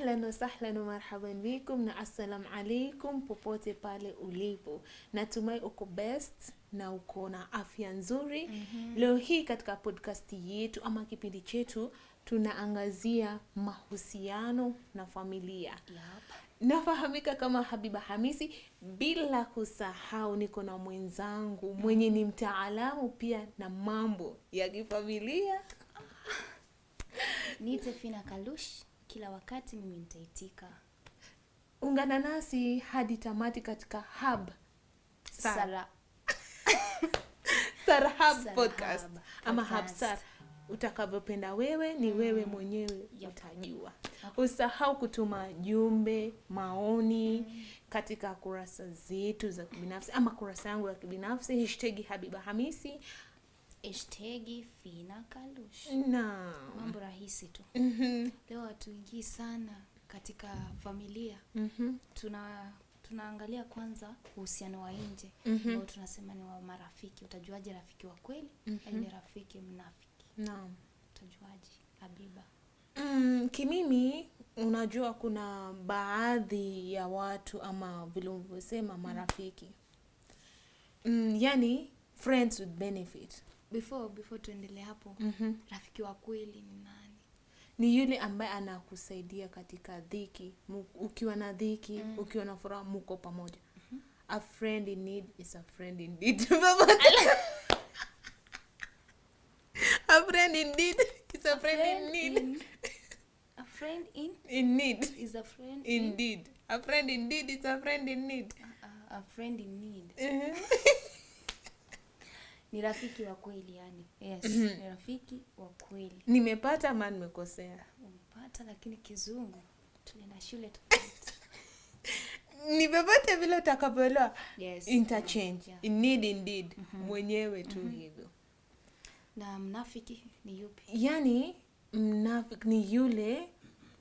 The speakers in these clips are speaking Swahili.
اهلا وسهلا ومرحبا بكم bikum na popote pale ulipo, natumai uko best na uko na afya nzuri. mm -hmm. Leo hii katika podcast yetu ama kipindi chetu tunaangazia mahusiano na familia. Yep. Nafahamika kama Habiba Hamisi, bila kusahau niko na mwenzangu mwenye ni mtaalamu pia na mambo ya kifamilia Nitefina Kalush kila wakati mimi nitaitika. Ungana nasi hadi tamati katika Hub Sara Sara podcast ama Habsar, utakavyopenda wewe, ni mm. wewe mwenyewe utajua. Usahau kutuma jumbe, maoni mm. katika kurasa zetu za kibinafsi ama kurasa yangu ya kibinafsi hashtag Habiba Hamisi. Hashtag Fina Kalush. Naam. Mambo rahisi tu. mm -hmm. Leo hatuingii sana katika familia. mm -hmm. Tuna tunaangalia kwanza uhusiano wa nje mm -hmm. tunasema ni wa marafiki. Utajuaje rafiki wa kweli mm -hmm. aile rafiki mnafiki? Naam. Utajuaje Habiba? Mm, kimimi unajua kuna baadhi ya watu ama vilivyosema marafiki marafiki mm. mm, yani friends with benefit before before tuendelee hapo mm -hmm. Rafiki wa kweli ni nani? Ni yule ambaye anakusaidia katika dhiki, ukiwa na dhiki mm. ukiwa na furaha, muko pamoja mm -hmm. A friend in need is a friend indeed. A friend indeed is a friend in need. A friend in in need is a friend indeed. A friend indeed is a friend in need. A friend in need. Uh-huh. ni rafiki wa kweli yani. Yes, mm -hmm. Ni rafiki wa kweli. Nimepata ama nimekosea? Umepata, lakini kizungu tuna shule tofauti. Ni vile utakavyoelewa. Yes. Interchange. Yeah. need indeed. Mm -hmm. Mwenyewe tu mm -hmm. hivyo. Na mnafiki ni yupi? yani mnafiki ni yule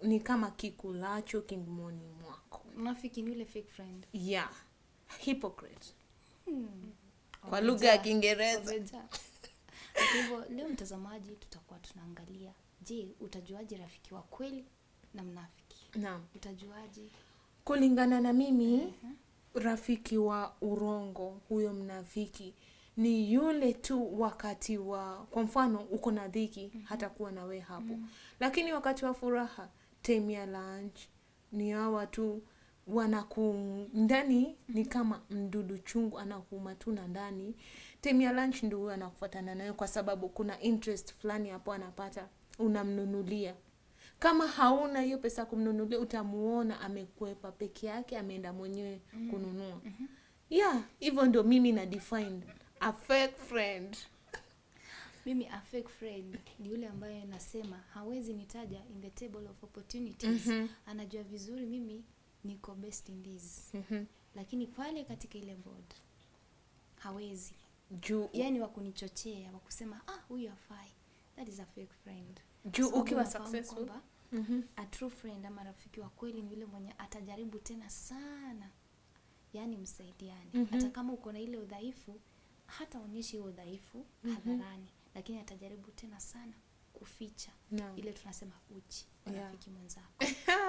ni kama kikulacho kimoni mwako. Mnafiki ni yule fake friend. Yeah. Hypocrite. Hmm kwa lugha ya Kiingereza. hivyo leo, mtazamaji, tutakuwa tunaangalia, je, utajuaje rafiki wa kweli na mnafiki? Naam, utajuaje? Kulingana na mimi uh-huh. Rafiki wa urongo huyo mnafiki ni yule tu wakati wa, kwa mfano uko na dhiki mm -hmm. Uh-huh. hata kuwa na we hapo mm -hmm. Lakini wakati wa furaha, time ya lunch ni hawa tu wanaku ndani ni kama mdudu chungu anakuuma tu na ndani. Time ya lunch ndio huyo anakufuatana nayo, kwa sababu kuna interest fulani hapo anapata, unamnunulia. Kama hauna hiyo pesa kumnunulia, utamuona amekwepa peke yake, ameenda mwenyewe mm. kununua. mm -hmm. ya Yeah, hivyo ndio mimi na defined a fake friend. Mimi a fake friend ni yule ambaye nasema hawezi nitaja in the table of opportunities. mm -hmm. Anajua vizuri mimi niko best this mm -hmm. Lakini pale katika ile board hawezi juu, yani wakunichochea wakusema, ah, huyu hafai, that is a fake friend. Juu ukiwa successful Mm -hmm. A true friend ama rafiki wa kweli ni yule mwenye atajaribu tena sana, yani msaidiane. mm -hmm. Hata kama uko na ile udhaifu, hataonyeshi hiyo udhaifu mm -hmm. hadharani, lakini atajaribu tena sana kuficha no. Ile tunasema uchi yeah. rafiki mwenzako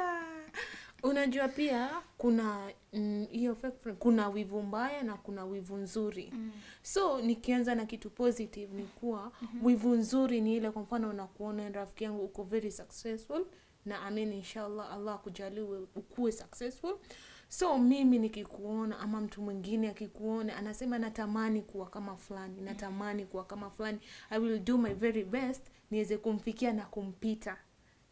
Unajua pia kuna mm, hiyo mm, kuna wivu mbaya na kuna wivu nzuri mm. So nikianza na kitu positive ni kuwa mm -hmm. wivu nzuri ni ile, kwa mfano unakuona rafiki yangu uko very successful, na amini inshallah Allah akujaliwe ukuwe successful. So mimi nikikuona ama mtu mwingine akikuona anasema natamani kuwa kama fulani, mm-hmm. natamani kuwa kama fulani, I will do my very best niweze kumfikia na kumpita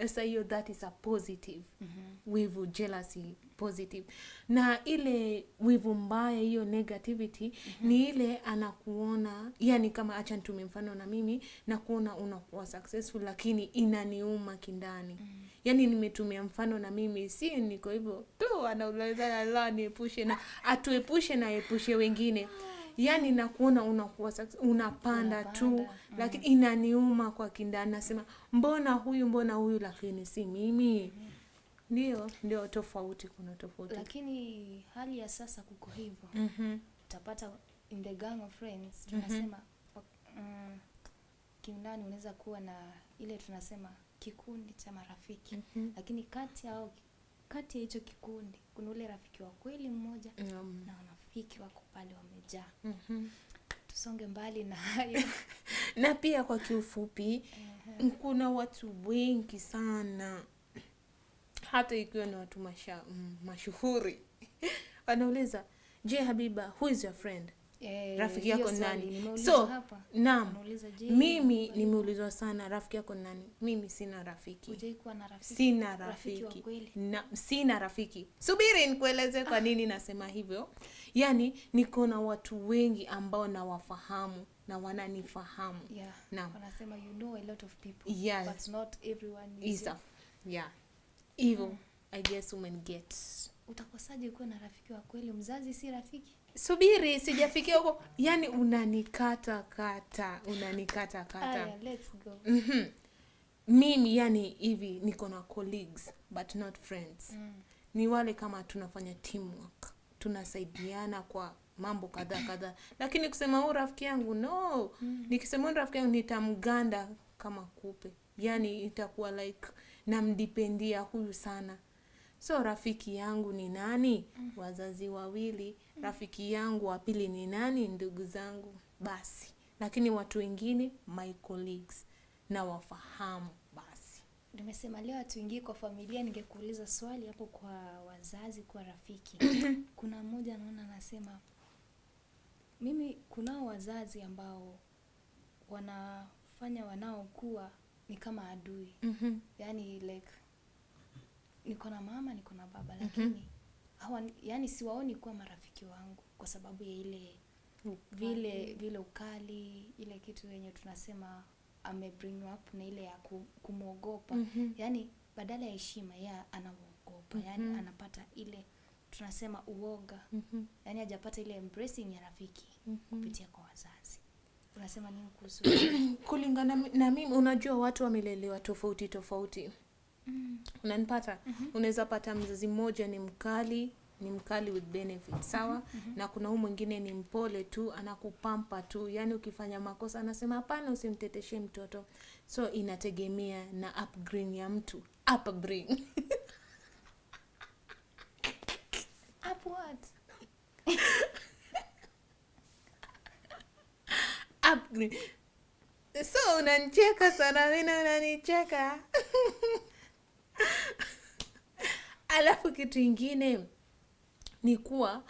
sasa hiyo that is a positive mm -hmm. wivu jealousy positive, na ile wivu mbaya hiyo negativity mm -hmm. ni ile anakuona, yani kama acha nitumie mfano na mimi na kuona unakuwa successful, lakini inaniuma kindani mm -hmm. Yani nimetumia mfano na mimi si niko hivyo tu, anaulizana la niepushe na atuepushe na epushe wengine ah yani nakuona unakuwa unapanda tu mm. Lakini inaniuma kwa kindani, nasema mbona huyu mbona huyu, lakini si mimi mm-hmm. ndio mm. Ndio, tofauti, kuna tofauti, lakini hali ya sasa kuko hivyo mm -hmm. Utapata in the gang of friends mm-hmm. tunasema mm -hmm. mm, kindani unaweza kuwa na ile tunasema kikundi cha marafiki mm -hmm. lakini kati ya kati ya hicho kikundi kuna ule rafiki wa kweli mmoja mm -hmm. na marafiki wako pale wamejaa. mm -hmm. Tusonge mbali na hayo na pia kwa kiufupi, uh-huh. kuna watu wengi sana, hata ikiwa ni watu masha, mm, mashuhuri wanauliza, je, Habiba, who is your friend? Eh, rafiki yako ni nani? So naam, mimi nimeulizwa sana rafiki yako ni nani? Mimi sina rafiki, rafiki. Sina rafiki, rafiki na, sina rafiki. Subiri nikueleze kwa ah. nini nasema hivyo yani niko na watu wengi ambao nawafahamu na wananifahamu hivo na wanasema hmm. utakosaje kuwa na rafiki wa kweli? Mzazi si rafiki. Subiri, sijafikia huko. Yani unanikata kata, unanikata kata. Aya, let's go. mm -hmm. Mimi yani hivi niko na colleagues but not friends. Mm. Ni wale kama tunafanya teamwork tunasaidiana kwa mambo kadhaa kadhaa, lakini kusema huu oh, rafiki yangu no. mm -hmm. Nikisema huu oh, rafiki yangu nitamganda kama kupe, yani itakuwa like namdipendia huyu sana. So rafiki yangu ni nani? mm -hmm. Wazazi wawili. mm -hmm. Rafiki yangu wa pili ni nani? Ndugu zangu basi, lakini watu wengine my colleagues na wafahamu Nimesema leo hatuingii kwa familia, ningekuuliza swali hapo kwa wazazi, kwa rafiki. Kuna mmoja naona anasema mimi, kunao wazazi ambao wanafanya wanaokuwa ni kama adui mm -hmm. Yani like niko na mama niko na baba mm-hmm. lakini mm -hmm. hawa, yani siwaoni kuwa marafiki wangu kwa sababu ya ile ukali. Vile, vile ukali ile kitu yenye tunasema ame bring up na ile ya kumwogopa mm -hmm. Yani badala ya heshima yeye anamwogopa mm -hmm. anapata ile tunasema uoga mm -hmm. Yani hajapata ile embracing ya rafiki mm -hmm. kupitia kwa wazazi. Unasema nini kuhusu kulingana na mimi? Unajua watu wamelelewa tofauti tofauti mm. Unanipata mm -hmm. Unaweza pata mzazi mmoja ni mkali ni mkali with benefit mhm, sawa. mm -hmm. Na kuna huu mwingine ni mpole tu, anakupampa tu, yani ukifanya makosa anasema hapana, usimteteshe mtoto. So inategemea na upbringing ya mtu upbringing. Up what? So unanicheka sana mimi, unanicheka alafu kitu ingine ni kuwa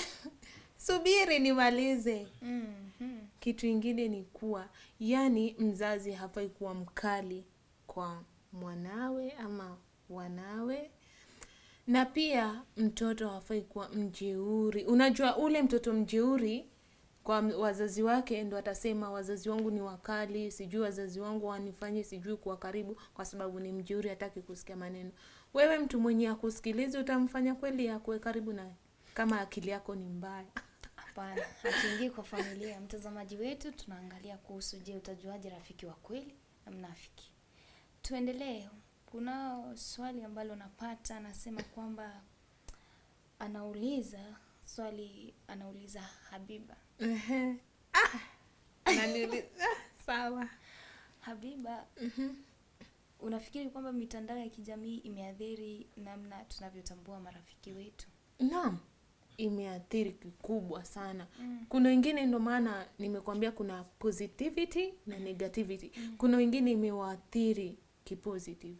subiri nimalize. mm -hmm. Kitu ingine ni kuwa, yani mzazi hafai kuwa mkali kwa mwanawe ama wanawe, na pia mtoto hafai kuwa mjeuri. Unajua ule mtoto mjeuri kwa wazazi wake ndo atasema wazazi wangu ni wakali, sijui wazazi wangu wanifanye sijui kuwa karibu, kwa sababu ni mjeuri, hataki kusikia maneno. Wewe mtu mwenye akusikilizi utamfanya kweli akuwe karibu naye kama akili yako ni mbaya? Hapana, hatuingii kwa familia. Mtazamaji wetu, tunaangalia kuhusu, je, utajuaje rafiki wa kweli na mnafiki? Tuendelee. Kuna swali ambalo napata, anasema kwamba anauliza swali anauliza Habiba. Ah! Ah, sawa. Habiba, mm-hmm. Unafikiri kwamba mitandao ya kijamii imeathiri namna tunavyotambua marafiki wetu? Naam, imeathiri kikubwa sana mm. Kuna wengine ndio maana nimekuambia kuna positivity na mm. negativity mm. Kuna wengine imewaathiri kipositive,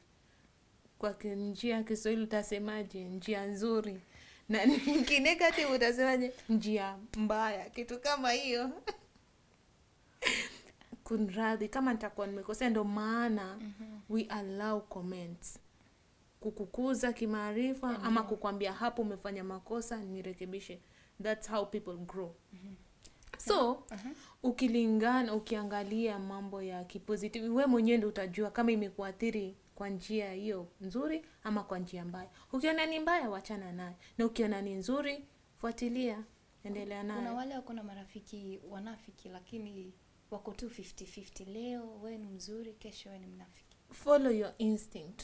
kwa njia ya Kiswahili utasemaje? Njia nzuri na ki negative utasemaje? Njia mbaya, kitu kama hiyo kunradhi kama nitakuwa nimekosea. Ndo maana mm -hmm. we allow comments kukukuza kimaarifa mm -hmm. ama kukwambia hapo umefanya makosa, nirekebishe. That's how people grow mm -hmm. So uh mhm. -huh. Ukilingana, ukiangalia mambo ya kipositivi we mwenyewe ndo utajua kama imekuathiri kwa njia hiyo nzuri ama kwa njia mbaya. Ukiona ni mbaya, wachana naye, na ukiona ni nzuri, fuatilia, endelea naye. Kuna wale wako na marafiki wanafiki, lakini wako tu 50-50. Leo wewe ni mzuri, kesho wewe ni mnafiki. Follow your instinct.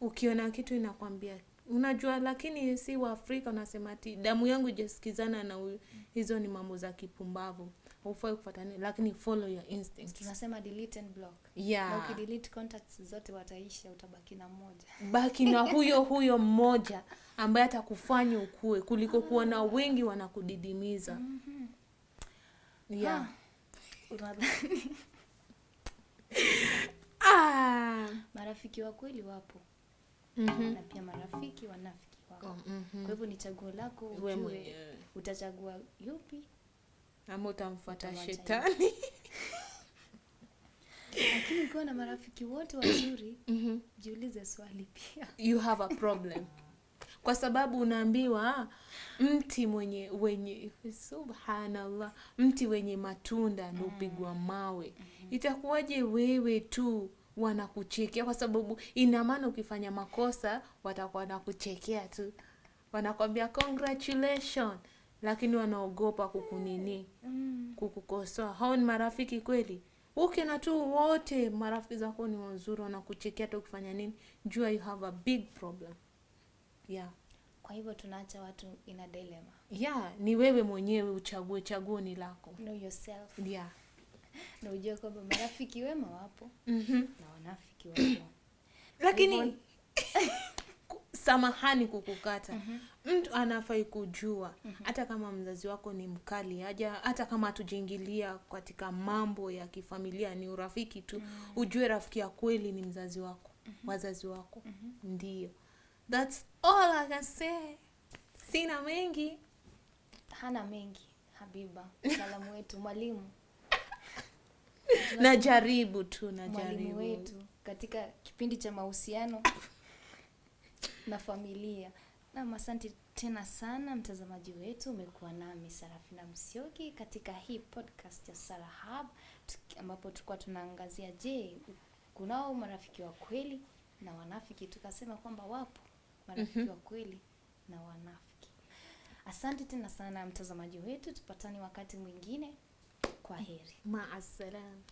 Ukiona kitu inakwambia unajua, lakini si Waafrika unasema ti damu yangu ijasikizana na huyu. Hizo ni mambo za kipumbavu ufai kufuata lakini follow your instincts. Tunasema delete and block. Yeah. Na ukidelete contacts zote wataisha, utabaki na mmoja. Baki na huyo huyo mmoja ambaye atakufanya ukue kuliko kuona wengi wanakudidimiza. mm -hmm. Yeah. Ah. Unadhani ah, marafiki wa kweli wapo. Mm -hmm. Na pia marafiki wanafiki wako. Mm -hmm. Kwa hivyo ni chaguo lako, ujue utachagua yupi ama utamfuata shetani. Lakini ukiwa na marafiki wote wazuri mm-hmm. Jiulize swali pia, you have a problem kwa sababu unaambiwa mti mwenye wenye subhanallah, mti wenye matunda ndio upigwa mm. mawe. Mm-hmm. Itakuwaje wewe tu wanakuchekea? Kwa sababu ina maana ukifanya makosa watakuwa wanakuchekea tu, wanakwambia congratulation lakini wanaogopa kukunini mm. kukukosoa. Hao ni marafiki kweli? ukina tu wote marafiki zako ni wazuri, wanakuchekea tu kufanya nini, jua you have a big problem yeah. Kwa hivyo tunaacha watu ina dilema dilemma. Yeah, ni wewe mwenyewe uchague, chaguo ni lako. Know yourself. Yeah. Na ujue kwamba marafiki wema wapo mm -hmm. na wanafiki wapo lakini samahani kukukata. mm -hmm. Mtu anafai kujua mm -hmm. hata kama mzazi wako ni mkali haja, hata kama hatujiingilia katika mambo ya kifamilia, ni urafiki tu mm -hmm. ujue rafiki ya kweli ni mzazi wako mm -hmm. wazazi wako mm -hmm. ndio, that's all I can say. Sina mengi, hana mengi Habiba, salamu wetu, mwalimu najaribu tu, najaribu mwalimu wetu katika kipindi cha mahusiano na familia. Na asante tena sana mtazamaji wetu, umekuwa nami Sarafina Msioki katika hii podcast ya Sara Hub, ambapo tulikuwa tunaangazia, je, kunao marafiki wa kweli na wanafiki? Tukasema kwamba wapo marafiki mm -hmm. wa kweli na wanafiki. Asante tena sana mtazamaji wetu, tupatane wakati mwingine. Kwa heri, maasalam.